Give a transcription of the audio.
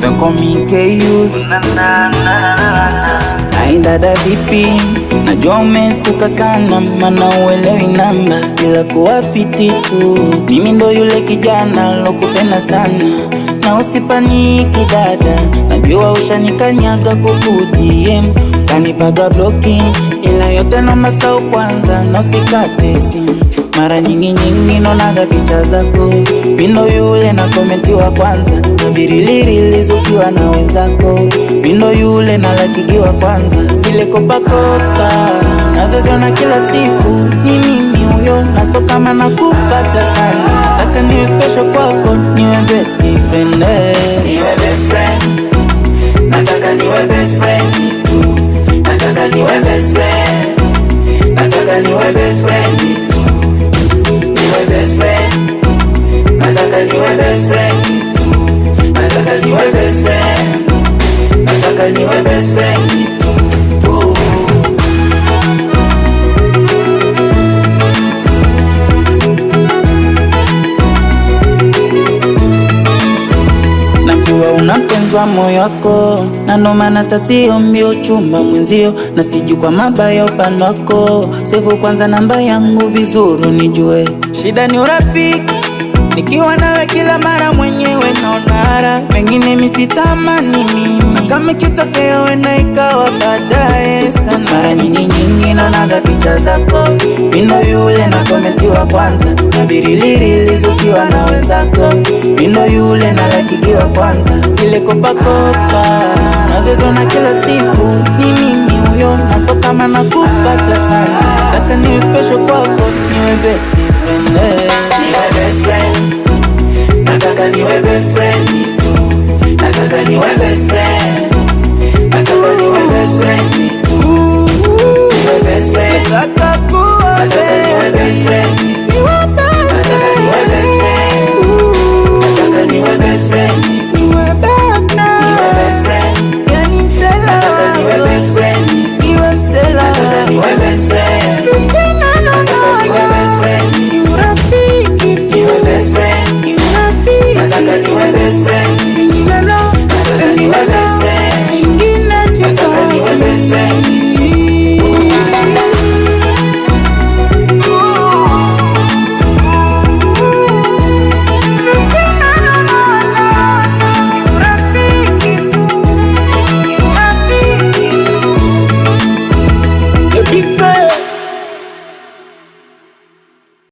Don't call me KU. Naidada vipi? Najua umestuka sana, mana uelewi namba, ila kuwa fiti tu. Mimi ndo yule kijana lokupena sana, na usipaniki dada, najua ushanikanyaga kukudm kanipaga blocking, ila yote namba sau kwanza, na usikate simu mara nyingi nyingi nonaga picha zako, bindo yule na komenti wa kwanza, nabirilirilizukiwa na wenzako, bindo yule na lakigiwa kwanza, zile kopakopa nazoziona kila siku, ni mimi huyo, naso kama kupata sana, taka niwe special kwako, niwe best friend, niwe best friend, nataka niwe best friend tu, nataka niwe best friend, nataka niwe best friend unataka niwe best friend unapenzwa moyo wako na ndo maana mwenzio na siju kwa mabaya upande wako sevu kwanza namba yangu vizuri nijue shida ni urafiki Nikiwa nawe kila mara mwenyewe naonara, mengine misitamani mimi kama kitokeo wena ikawa baadaye sana. Mara nyingi nyingi naonaga picha zako, mindo yule na kometiwa kwanza, na viriliri lizukiwa na wenzako, mindo yule na lakikiwa kwanza, zile kopakopa nazezona kila siku ni mimi huyo, nasokama kama kupata sana, taka niwe special kwako, niwe besti friend,